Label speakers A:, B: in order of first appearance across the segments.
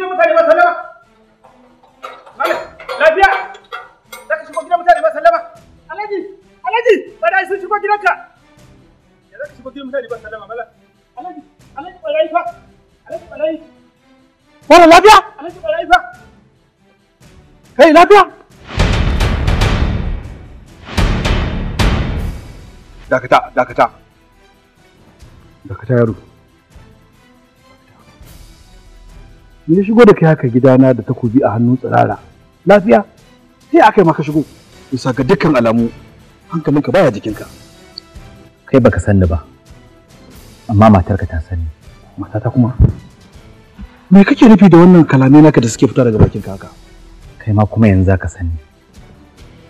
A: gidan mutane ba sallama. Lafiya. Za ka shigo gidan mutane ba sallama. Alhaji, Alhaji, barayi sun shigo gidanka. Ya za ka shigo gidan mutane ba sallama mala. Alhaji, Alhaji barayi fa. Alhaji barayi. Wala lafiya? Alhaji barayi fa. Kai lafiya? Dakata, dakata. Dakata yaro. ya shigo da kai haka gidana da takobi a hannun tsirara lafiya sai aka yi maka shigo bisa ga dukkan alamu hankalinka baya jikinka kai baka sanni ba amma matarka ta sanni matata kuma me kake nufi da wannan kalamai naka da suke fita daga bakin haka kai ma kuma yanzu ka sani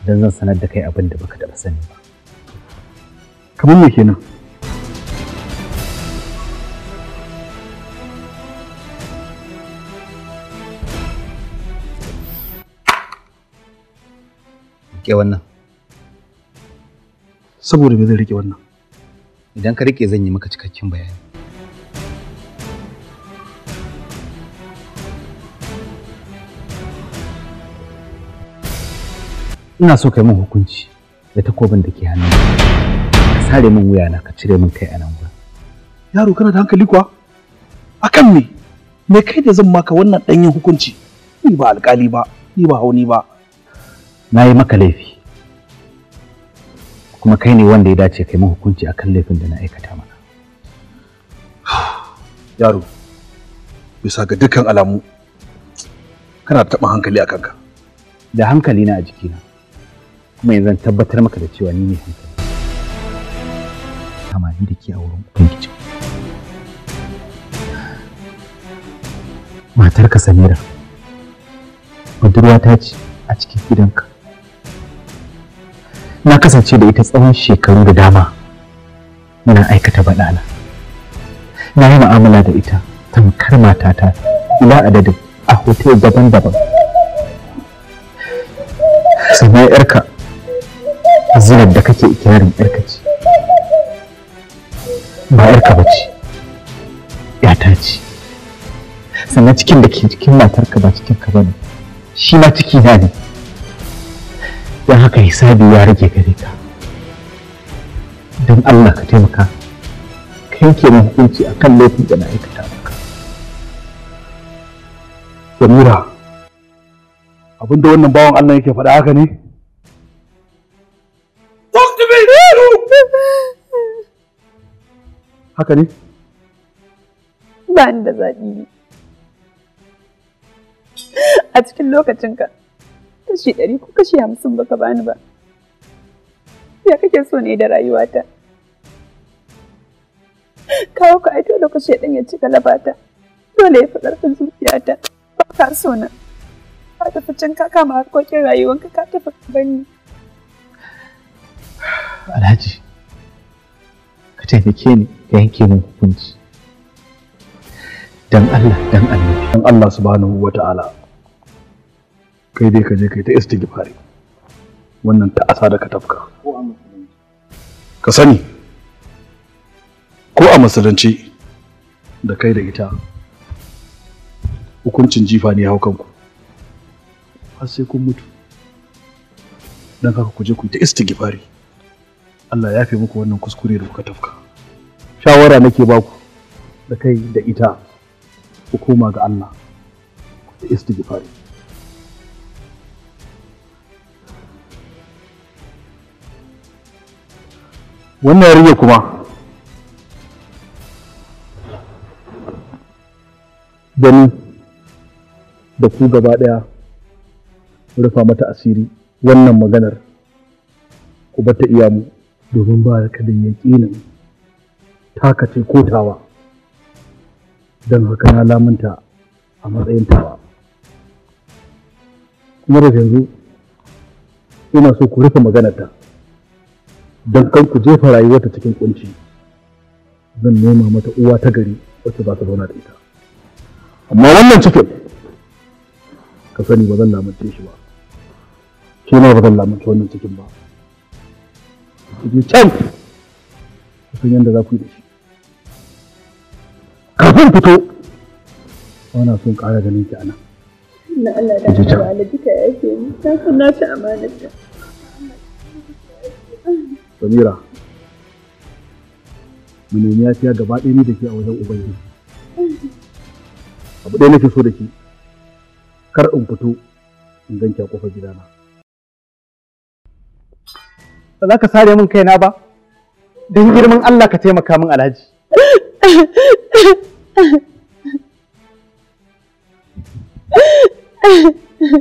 A: dan zan sanar da kai abin da baka taba sani ba kamar me kenan Rike wannan. Saboda me zan rike wannan? Idan ka rike zan yi maka cikakken bayani. Ina so kai min hukunci da takobin da ke hannu. Ka sare min wuya na ka cire min kai a nan gurin. Yaro kana da hankali kuwa? Akan me? Me kai da zan maka wannan ɗanyen hukunci? Ni ba alƙali ba, ni ba hauni ba. na yi maka laifi kuma kai ne wanda ya dace kai hukunci kan laifin da na aikata mana yaro bisa ga dukkan alamu kana taɓa hankali a kanka da hankali na a jikina kuma yanzu tabbatar maka da cewa ni ne hankali kama ni da ke a wurin ubangiji matarka samira budurwa ta ce a cikin gidanka na kasance da ita tsawon shekaru da dama muna aikata badana na yi mu'amala da ita tamkar matata ila adadin a hotel daban-daban sannan yarka zinar da kake ikirarin yarka ce ba yarka ba ce yata ce sannan cikin da ke cikin matarka ba cikin ka ba ne shi ma ciki na ne don haka hisabi ya rage gare ka don allah ka taimaka ka yanke min hukunci a kan laifin da na aikata maka samira abinda wannan bawan allah yake faɗa haka ne haka ne ba ni da zaɓi a cikin lokacin ka. kashi ɗari ko kashi hamsin baka bani ba ya kake so ne da rayuwata kawo ka aito da kashe ɗan ya ci galabata dole ya fi ƙarfin zuciyata ba ka so na ka tafi can ka kama harkokin rayuwanka ka tafi bani alhaji ka taimake ni ka yanke min hukunci dan Allah dan Allah dan Allah subhanahu wata'ala kai dai ka je kai ta istighfari wannan ta asa da ka tafka ka sani ko a musulunci da kai da ita hukuncin jifa ne hau ku har sai kun mutu don haka ku je ku yi ta istighfari Allah ya fi muku wannan kuskure da kuka tafka shawara nake baku da kai da ita ku koma ga Allah ku ta istighfari wannan rige kuma da da ku gaba ɗaya rufa mata asiri wannan maganar ku bata iya mu domin ba ka da yaƙinin takace ko tawa don haka na lamunta a matsayin tawa kuma da yanzu ina so ku rufe maganar ta don kan ku jefa rayuwarta cikin kunci zan nema mata uwa ta gari wacce ba ta zauna da ita amma wannan cikin ka sani ba zan lamunce shi ba ke ma ba zan lamunce wannan cikin ba ku can ku san yadda za ku yi da shi kafin fito ana son ƙara ganin ki ana na Allah da Allah duka yake mu ta amanar Samira, mu nemi yafiya gaba ɗaya ni da ke a wajen Ubangiji. Abu ɗaya nake so da ke, kar in fito in ganke a ƙofar gidana. Ba za ka sare min kaina ba, don girman Allah ka taimaka min alhaji.